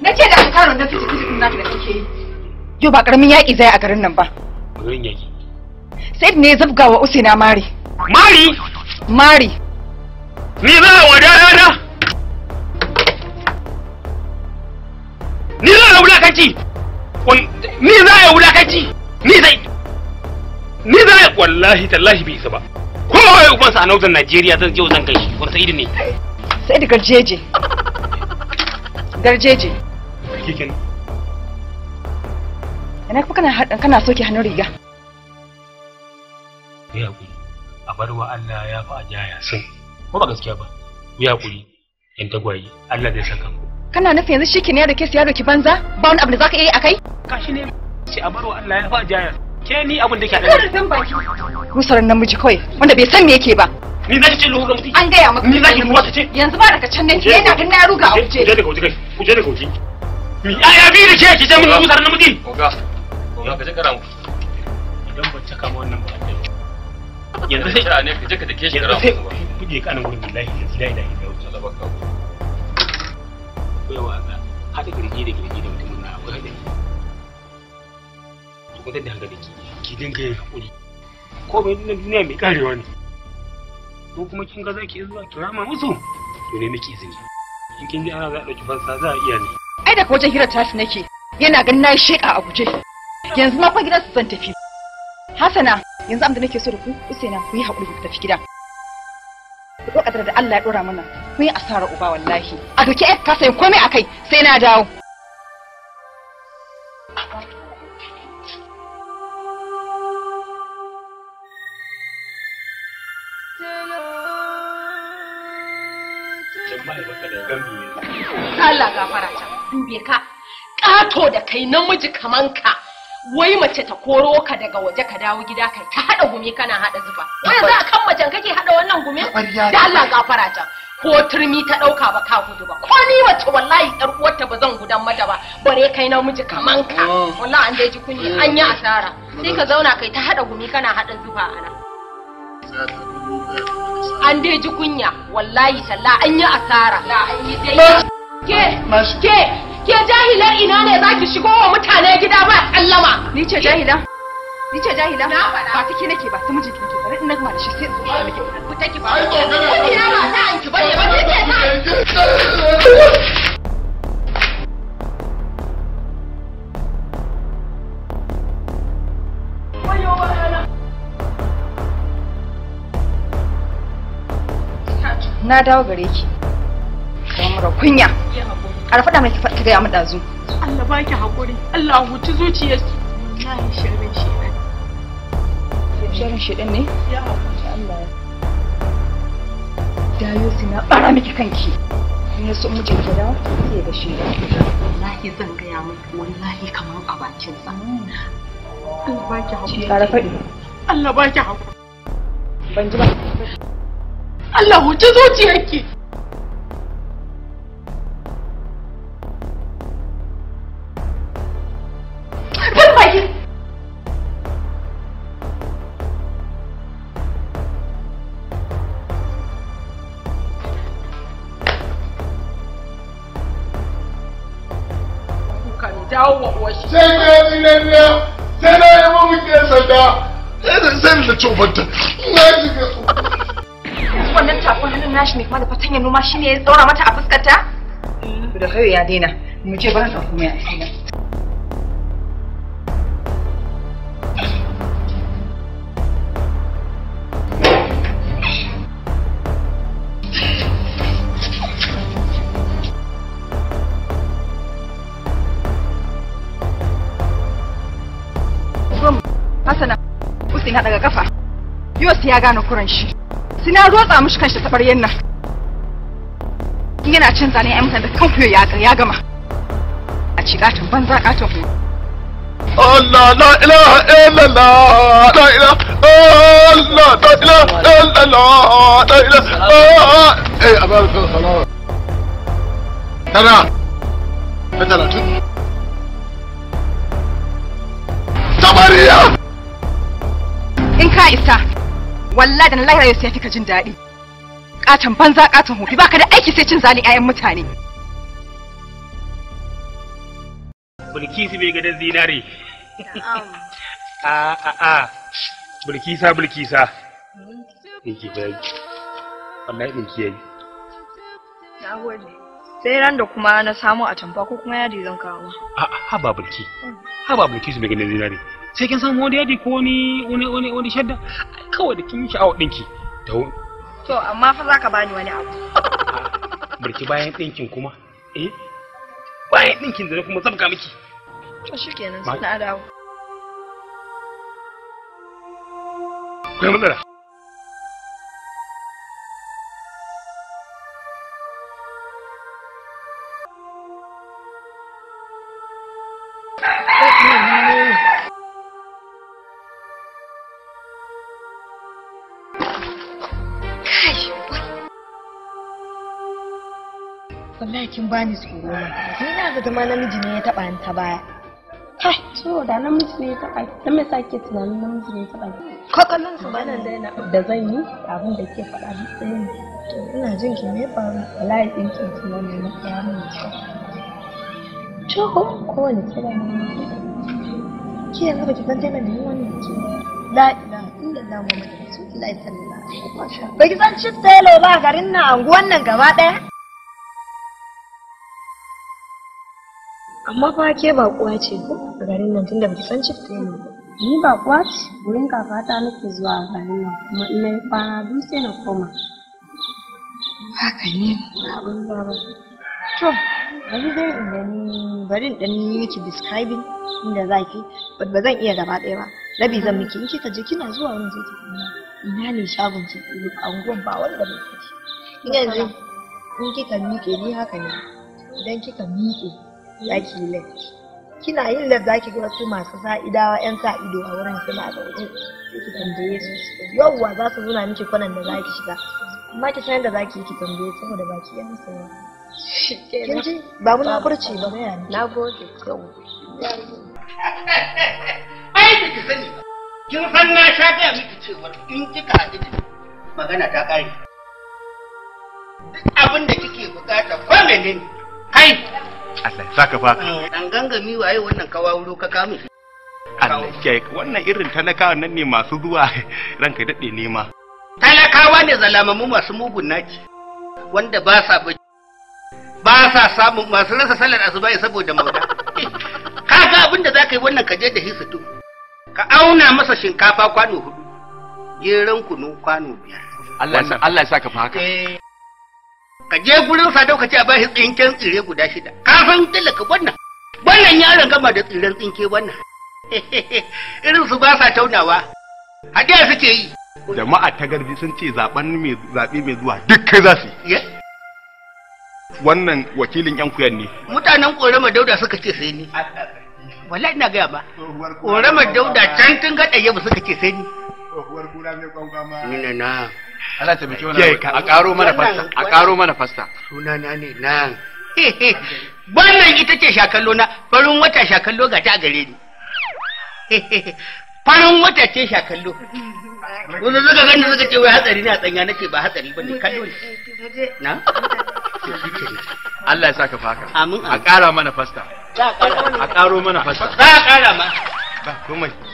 Na ce da ka da fitin fitin da kake yi. Yau ba karamin yaƙi zai a garin nan ba. Garin yaki sai ne zabga wa Usaina Mari. Mari? Mari. Ni za a wada rana? Ni za a wulakanci? Ni za a wulakanci? Ni zai. Ni za a wallahi tallahi bai isa ba. Kowa ya ubansa a nauzan Najeriya zan je zan kai shi, wani sa'idi ne. Sai da garjeje. Garjeje. Kake kenan. Yana kuma kana kana soke hannun riga. Ya hakuri. A barwa Allah ya fa ajaya sun. Ko ba gaskiya ba. Ya hakuri. Yan tagwaye. Allah zai saka ku. Kana nufin yanzu shi ne da ke siya ki banza? Ba wani abu da zaka iya yi akai? Kashi ne. Ce a barwa Allah ya fa ajaya. ke ni abin da ke da musarin namiji kawai wanda bai san me yake ba ni na ce ruga mutum an gaya maka ni zaki ruwa ce yanzu ba daga can yana ganin ya ruga a wuce kuje da kauci kai kuje da kauci mi aya bi da ke ki ce mun musarin namiji oga oga ka je kara idan ba ta kama wannan ba yanzu sai kira ne ka je ka dake shi kuje ka nan gurin billahi hada girgi da girgi da na da kwantar da hankali ki dinga yin hakuri ko mai na duniya mai karewa ne ko kuma kin ga zaki zuwa kirama musu to ne miki izini in kin ji ana za a dauki fansa za a iya ne ai daga wajen hira tashi nake yana ganin na sheƙa a guje yanzu ma fa gidan su zan tafi hasana yanzu abin da nake so da ku usaina ku yi haƙuri ku tafi gida ku ɗaukar da Allah ya ɗora mana kun yi asarar uba wallahi a duke ka sayi komai a kai sai na dawo Allah gafara ta dube ka ƙato da kai namiji kaman ka wai mace ta koro ka daga waje ka dawo gida kai ta haɗa gumi kana haɗa zuba wai za a kan macen kake haɗa wannan gumi da Allah gafara ta ko turmi ta ɗauka ba ka gudu ba ko ni wace wallahi dar uwarta ba zan gudan mata ba bare kai namiji kaman ka oh. wallahi an dai ji kunya an yi asara sai ka zauna kai ta haɗa gumi kana haɗa zuba a an dai ji kunya wallahi talla an yi asara ke ke ke jahilar ina ne zaki shigo wa mutane gida ba sallama ni ce jahila ni ce jahila ba ta nake ba ta mijin kike bari in nagma da shi sai in zo miki fita ki ba ko ina ba ta an ki ba ni ce ta na dawo gare ki kamar kunya a rafa faɗa mai ki gaya mu dazu Allah ba ki haƙuri Allah huci zuciyarki na yi shirin shirin shi din ne ya haƙuri Allah ya dayo sai na ɓara miki kanki ne so mu je gida sai da shi wallahi zan ga ya miki wallahi kamar a bakin sa Allah ba ki haƙuri Allah ba ki haƙuri ban ji ba Allah huce zuciyarki sai na yi zinariya sai na yi mamuke sanda sai da tsofanta na ji ga wannan tafin hannun nashi ne kuma da fatanyar noma shine ya tsaura mata a fuskar ta da kai ya daina mu ce ba ta kuma ya tsina Hasana, Usin haɗa daga kafa. Yos ya gane kuran shi. Sina zo tsa mishi kanshi ta tabaryen nan. Yana cin zane ya mutan da kan kuyo ya gama. A ci katon banza katon kuyo. Allah la ilaha illallah la ilaha Allah la ilaha illallah la ilaha eh abar fil salawa tara da talatin tabariya in ka isa wallahi da lahi ya sai fika jin daɗi katon banza katon hofi baka da aiki sai cin zali 'ya'yan mutane bulkisi bai gadon zinare a a ah, a ah, ah. bulkisa bulkisa yake bayi wallahi ɗinki yayi na gode sai ran da kuma na samu a tamfa ko kuma yadi zan kawo. A'a haba bulki. Haba bulki su mai ganin zinari. sai kin san wani yadi ko wani wani wani wani shadda kawai da kin yi sha'awar dinki to to amma fa za ka bani wani abu burki bayan dinkin kuma eh bayan dinkin da kuma zabga miki to shikenan sai na dawo kai matsala wallahi kin bani tsoro ni na ga ma namiji ne ya taba ni ta baya kai so da namiji ne ya taba dan me sa ke tunanin namiji ne ya taba Ko kallon su bana da da zan yi abin da ke faɗa ni to ina jin ki ne faru wallahi din ki ki ne na ya mun ki to ko wani kira ne ki yanzu baki san tana da yawan wannan ki la ilaha illallah muhammadu rasulullahi sallallahu alaihi wasallam ki san shi tsaye ba garin nan anguwan nan gaba daya amma fa ke baƙuwa ce ko a garin nan tunda baki san cif ne ni baƙuwa ce wurin kakata nake zuwa a garin nan kuma ina yi kwana biyu sai na koma haka ne ba abin ba ba to bari dai in gani bari in dan yi miki describing inda zaki ba zan iya gaba ɗaya ba rabi zan miki in kika je kina zuwa wurin zai ki ina ne shagon ki a unguwan ba wanda ba ki ina je in kika miƙe ni haka ne idan kika miƙe za ki yi kina yin lab za ki ga wasu masu sa'idawa yan sa ido a wurin suna zaune sai ki tambaye su yawwa za su zuna miki kwanan da za ki shiga amma ki san da za ki yi ki tambaye saboda baki ki yan sawa kin ji ba mu na burci ba na gode yau ai ki sani kin san na sha gaya miki cewa in kika haɗu magana ta ƙare duk abin da kike bukata ko menene kai Allah ya saka fa dan gangami waye wannan wuro ka kamu Allah ke wannan irin talakawa nan ne masu zuwa ranka daɗe nema talakawa ne zalamamu masu mugun naki wanda ba sa ba sa samun masu rasa sallar asuba saboda mauda kaga abin da zaka yi wannan kaje da hisitu ka auna masa shinkafa kwano hudu geran kunu kwano biyar Allah ya saka fa haka eh. ka je gurin sadau ka ce a bashi tsinken tsire guda shida ka san talaka wannan wannan yaron gama da tsiren tsinke wannan irin su ba sa taunawa hadiya suke yi jama'a ta garbi sun ce zaben mai zabe mai zuwa duk kai za su yi wannan wakilin yan kuyan ne mutanen korama dauda suka ce sai ni wala ina gaya ba korama dauda can tun gaɗa ba suka ce sai ni tsohuwar kura mai kwangwama ni na Allah ta biki wani a karo mana fasta a karo mana fasta sunana ne nan wannan ita ce shakallo na farin wata shakallo ga ta gare ni farin wata ce shakallo wanda suka gani suka ce wai hatsari ne a tsanya nake ba hatsari ba ne kallo ne na Allah ya saka faka amin a kara mana fasta a karo mana fasta za a kara ma ba komai